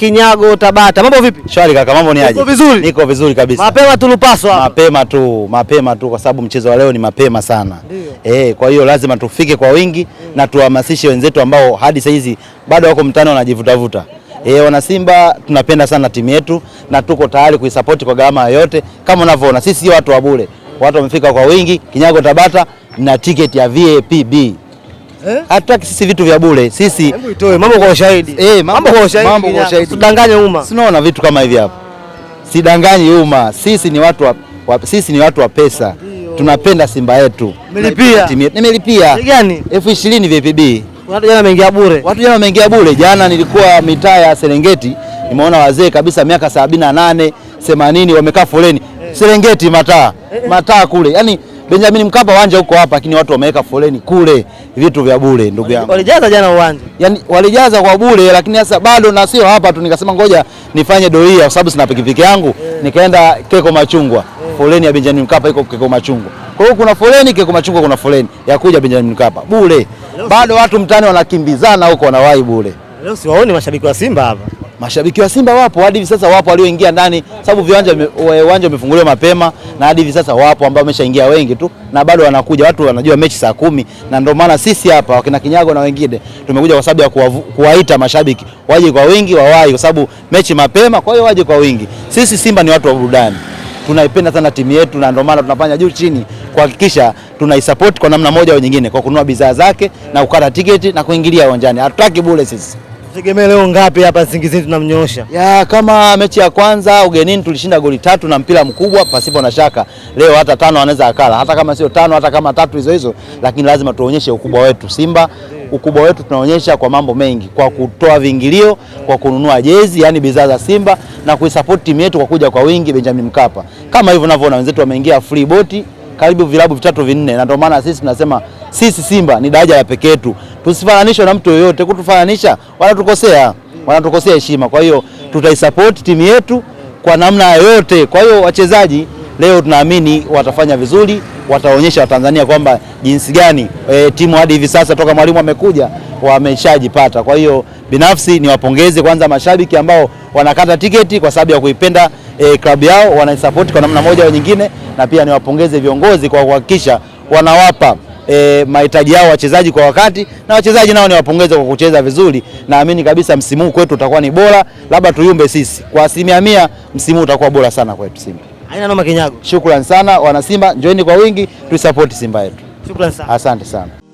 Kinyago Tabata. Mambo vipi? Shwari kaka, mambo ni aje? Vizuri. Niko vizuri kabisa. Mapema tulipaswa hapa. Mapema tu, mapema tu kwa sababu mchezo wa leo ni mapema sana. Eh, kwa hiyo lazima tufike kwa wingi mm, na tuhamasishe wenzetu ambao hadi sasa hizi bado wako mtani wanajivutavuta. Eh, wana Simba tunapenda sana timu yetu na tuko tayari kuisapoti kwa gharama yoyote. Kama unavyoona sisi sio watu wa bure. Watu wamefika kwa wingi Kinyago Tabata na tiketi ya B. Eh? hatutaki sisi vitu vya bure sisi, mambo kwa ushahidi, Eh, mambo kwa ushahidi, Mambo kwa ushahidi. tudanganye umma. Sinaona vitu kama hivi hapa, sidanganyi umma. Sisi ni watu wa, wa, sisi ni watu wa pesa, tunapenda Simba yetu. Nimelipia Nimelipia. elfu ishirini VPB, watu jana wameingia bure, watu jana wameingia bure. Jana nilikuwa mitaa ya Serengeti, nimeona wazee kabisa miaka sabini na nane themanini wamekaa foleni eh. Serengeti mataa eh, mataa kule, Yaani Benjamin Mkapa uwanja huko hapa, lakini watu wameweka foleni kule, vitu vya bure ndugu yangu. Walijaza jana uwanja. Yaani walijaza kwa bure, lakini sasa bado na sio hapa tu, nikasema ngoja nifanye doria kwa sababu sina pikipiki yangu yeah. Nikaenda Keko Machungwa yeah. Foleni ya Benjamin Mkapa iko Keko Machungwa. Kwa hiyo kuna foleni Keko Machungwa, kuna foleni ya kuja Benjamin Mkapa bure, bado watu mtani wanakimbizana huko, wanawahi bure. Leo siwaoni mashabiki wa Simba hapa. Mashabiki wa Simba wapo hadi hivi sasa, wapo walioingia ndani, sababu viwanja uwanja umefunguliwa mapema, na hadi hivi sasa wapo ambao wameshaingia wengi tu, na bado wanakuja. Watu wanajua mechi saa kumi, na ndio maana sisi hapa wakina Kinyago na wengine tumekuja kwa sababu ya kuwaita mashabiki waje kwa wingi, wawahi, kwa sababu mechi mapema, kwa hiyo waje kwa wingi. Sisi Simba ni watu wa burudani, tunaipenda sana timu yetu, na ndio maana tunafanya juu chini kuhakikisha tunaisupport kwa namna moja au nyingine, kwa kununua bidhaa zake na kukata tiketi na kuingilia uwanjani. Hatutaki bure sisi. Tegemea leo ngapi hapa Singizini tunamnyosha? Ya kama mechi ya kwanza ugenini tulishinda goli tatu na mpira mkubwa pasipo na shaka. Leo hata tano anaweza akala. Hata kama sio tano, hata kama tatu hizo hizo, lakini lazima tuonyeshe ukubwa wetu Simba. Ukubwa wetu tunaonyesha kwa mambo mengi, kwa kutoa viingilio, kwa kununua jezi, yani bidhaa za Simba na kuisupport timu yetu kwa kuja kwa wingi Benjamin Mkapa. Kama hivyo unavyoona wenzetu wameingia free boti karibu vilabu vitatu vinne, na ndio maana sisi tunasema sisi Simba ni daraja la pekee tu, tusifananishwe na mtu yoyote. Kutufananisha wanatukosea, wanatukosea heshima. Kwa hiyo tutaisapoti timu yetu kwa namna yoyote. Kwa hiyo wachezaji leo tunaamini watafanya vizuri, wataonyesha Watanzania kwamba jinsi gani e, timu hadi hivi sasa toka mwalimu amekuja wameshajipata. Kwa hiyo Binafsi niwapongeze kwanza mashabiki ambao wanakata tiketi kwa sababu ya kuipenda e, eh, klabu yao, wanaisapoti kwa namna moja au nyingine, na pia niwapongeze viongozi kwa kuhakikisha wanawapa E, mahitaji yao wachezaji kwa wakati na wachezaji nao niwapongeze kwa kucheza vizuri. Naamini kabisa msimu huu kwetu utakuwa ni bora, labda tuyumbe sisi kwa asilimia mia. Msimu huu utakuwa bora sana kwetu Simba. Haina noma Kinyago. Shukrani sana wana Simba, njoeni kwa wingi tuisapoti Simba yetu. Shukrani sana. Asante sana.